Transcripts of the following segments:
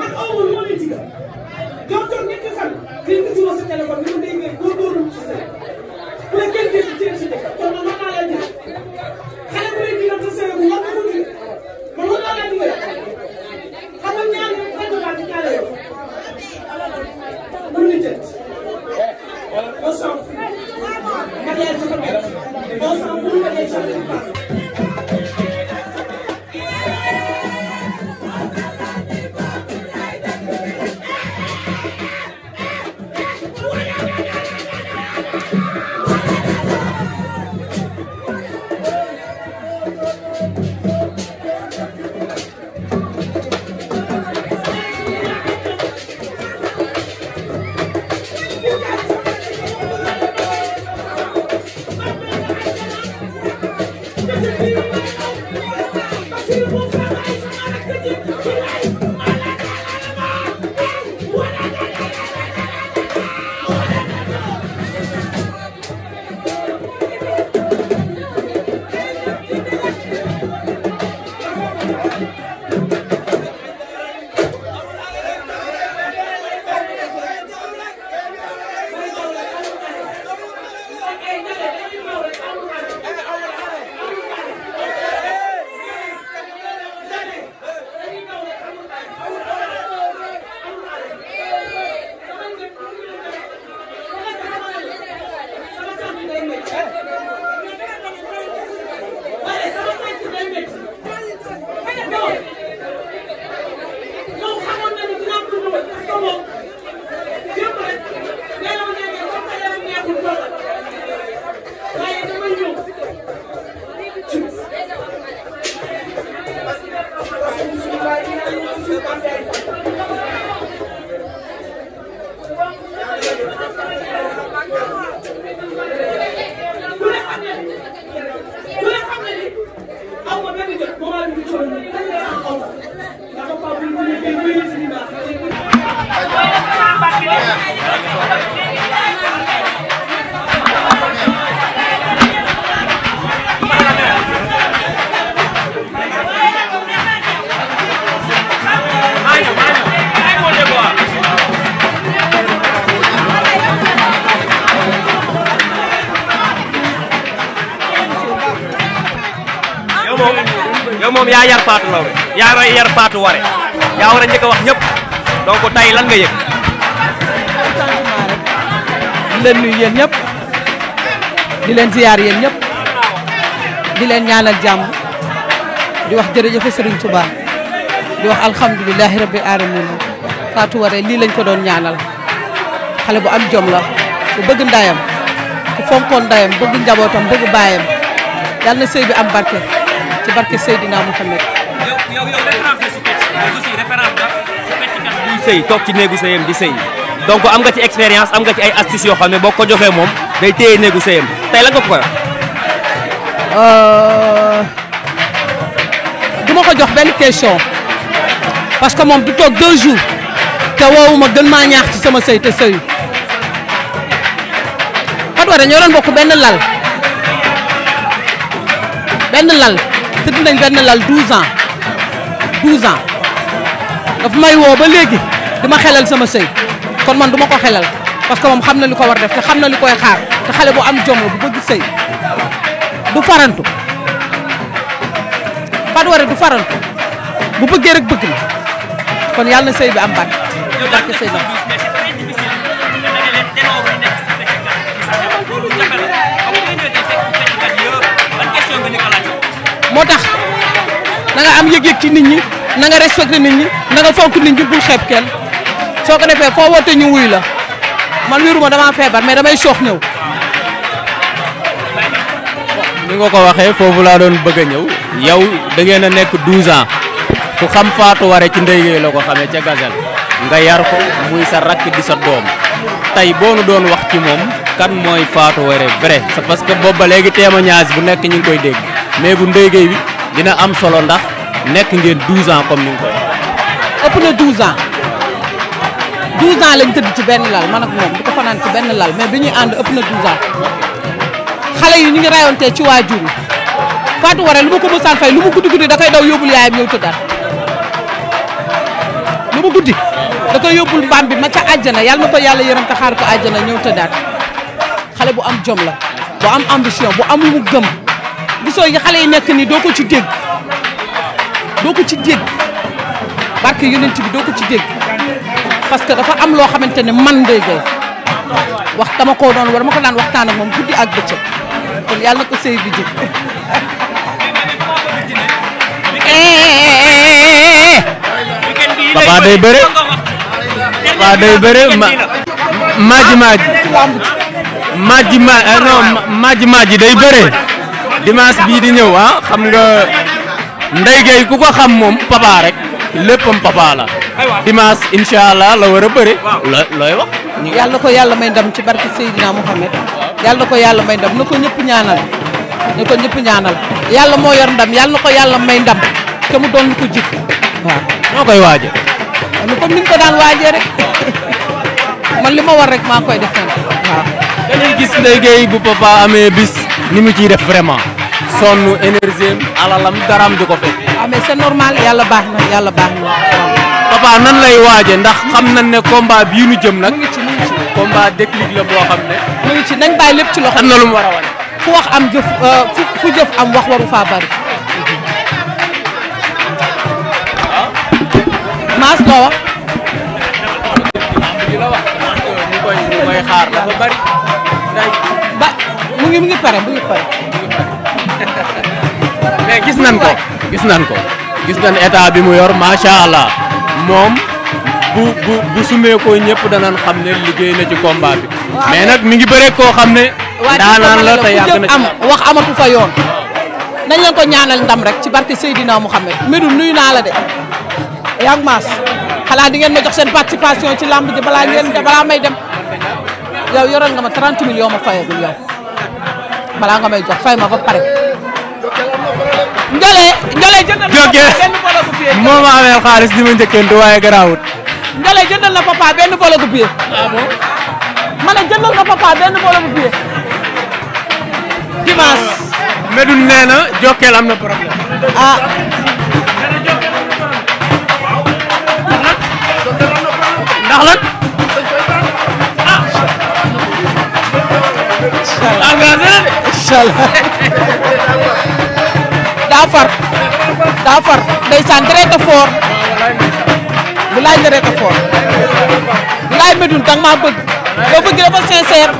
man aw ma leen digal docteur ñetti fan kii nga si woo sa téléphone ni ma day ngay ci sa bu la kenn dégg ci si dëkk kon man war naa laa digal xale bu na ko digal man war naa laa digal nga ñaar rek benn baat ci ñaar yow bu ñu tëdd on s'en fout matériel dafa métti moom yow moom yaa yar Fatou Laobé yaa roy yar Fatou yaa war a njëkk a wax ñëpp donc tey lan nga yëg. di leen nuyu yéen ñëpp di leen ziyaar yéen ñëpp di ñaanal jàmm di wax jërëjëf Serigne Touba di wax alhamdulilahi rabbi alamin Fatou lii lañ ko doon ñaanal xale bu am jom la bëgg ndayam ku fonkoon ndayam bëgg njabootam bëgg baayam yàlla na sëy am barke ci barke Seydina Mouhamed. yow yow référence la sëy toog ci néegu sëyam di sëy donc am nga ci expérience am nga ci ay astuces yoo xam ne boo ko joxee moom day téye néegu sëyam tey la nga ko euh, du ma ko jox benn question parce que moom du toog deux jours te woowu gën maa ñaax ci sama sëy te sëyu Fatou Wade ñoo doon bokk benn lal benn lal. tëdd nañ benn lal 12 ans 12 ans daf may woo ba léegi dima xelal sama sëy kon man du ko xelal parce que moom xam na li ko war def te xam na li koy xaar te xale bu am jom la bu bëgg sëy du farantu Fatou Waré du farantu bu bëggee rek bëgg na kon yàlla na sëy bi am barke barke sëy bi moo tax na nga am yëg ci nit ñi na nga respecté nit ñi na fonk nit ñi bul xeeb kenn soo ko defee foo wootee ñu wuy la man wéruma dama feebar mais damay soox ñëw. ni nga ko waxee foofu laa doon bëgg a ñëw yow da ngeen a nekk 12 ans ku xam Fatou Waré ci ndey la ko xamee ca Gazelle nga yar ko muy sa rakk di sa doom tey boo nu doon wax ci moom kan mooy Fatou Waré vrai c'est parce que boobu ba léegi témoignage bu nekk ñu ngi koy dégg. mais bu Ndeye bi dina am solo ndax nekk ngeen 12 ans comme ni nga koy ëpp na 12 ans 12 tëdd ci benn lal man ak moom di ko fanaan ci benn lal mais bi ñuy ànd ëpp na 12 ans xale yi ñu ngi rayontee ci waajur yi Fatou Waré lu ma ko mësaan fay lu mu guddi guddi da yóbbul yaayam ñëw tëddaat lu mu guddi da yóbbul mbaam bi ma ca àjjana yàlla na ko yàlla yërëm te xaar ko àjjana ñëw tëddaat xale bu am jom la bu am ambition bu am lu mu gëm gisoo yi xale yi nekk nii doo ko ci dégg doo ko ci dégg barke yonent bi doo ko ci dégg parce que dafa am loo xamante ne man Ndeye Gueye wax dama doon war ma waxtaan moom guddi ak bëccëg kon yàlla na ko sëy bi jëg papa day bëre papa day bëre maaji maaji maaji euh, day bëre dimanche bii di ñëw ah xam nga Ndeye Gueye ku ko xam moom papa rek léppam papa la dimanche incha la war a bëre. looy wax wax. na ko yàlla may ndam ci barke Seydina Mohamed yàlla ko yàlla may ndam na ko ñëpp ñaanal na ko ñëpp ñaanal yàlla moo yor ndam yàlla ko yàlla may ndam te mu doon ko jik waaw noo koy waaje nu comme ni ko daan waajee rek man li ma war rek maa koy def waaw. dañuy gis Ndeye Gueye bu papa amee bis ni mu ciy def vraiment. sonn énergie alalam daraam di ko fekk. waaw c'est normal yàlla baax na yàlla baax na. papa nan lay waaje ndax xam nañ ne combat bii nu jëm nag. mu ngi ci la boo xam ne. mu ngi ci nañ bàyyi lépp ci loxo. na lu mu war a wane. fu wax am jëf fu jëf am wax waru faa bari. maas loo wax. mais gis nañ ko gis nañ ko gis nañ état bi mu yor macha allah moom bu bu ko ñëpp danañ xam ne liggéey na ci combat bi. mais nag mi ngi bëre koo xam ne. daanaan la te yàgg na ci am wax amatu fa yoon. nañ leen ko ñaanal ndam rek ci barke Seydina Mouhamed Medoune nuyu naa la de yaa maas xanaa di ngeen ma jox seen participation ci lamb ji balaa ngeen balaa may dem yow yoral nga ma 30 millions ma fayagul yow balaa nga may jox fay ma ba pare. Ndiolé Ndiolé benn bolo gu pied. moo ma xaalis di ma njëkkantu waaye garaawut. Ndiolé jëndal na papa benn bolo gu pied. waaw moom. ma ne jëndal na papa am na problème. ah. ndax lan. far daa far ndeysaan deret a foor bilaay deret a foor bilaay Médoune danga maa bëgg loo bëgg dafa sincère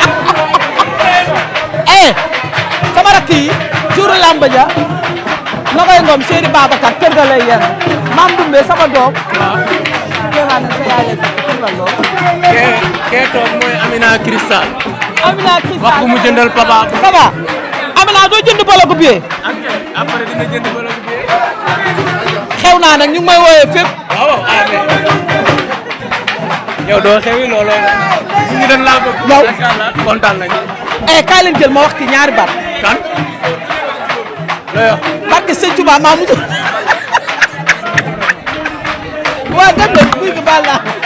eh sama rakk yi juru làmb ja nogoy ngoom Séeri Babacar kër ga lay maam Dumbe sama doom kee kee mooy Amina Cristal Amina Cristal wax ko mu xam naa doo jënd bologu billet. après xew naa nag ñu ngi may wooyee fépp. waaw yow doo xewi looloo ñu ngi doon laa bëgg. macha allah kontaan nañu. eh kaay leen ma wax ñaari baat. kan. looy wax. barke sëñ Tuba maa mujj. waaw dëgg la buy bi baal naa.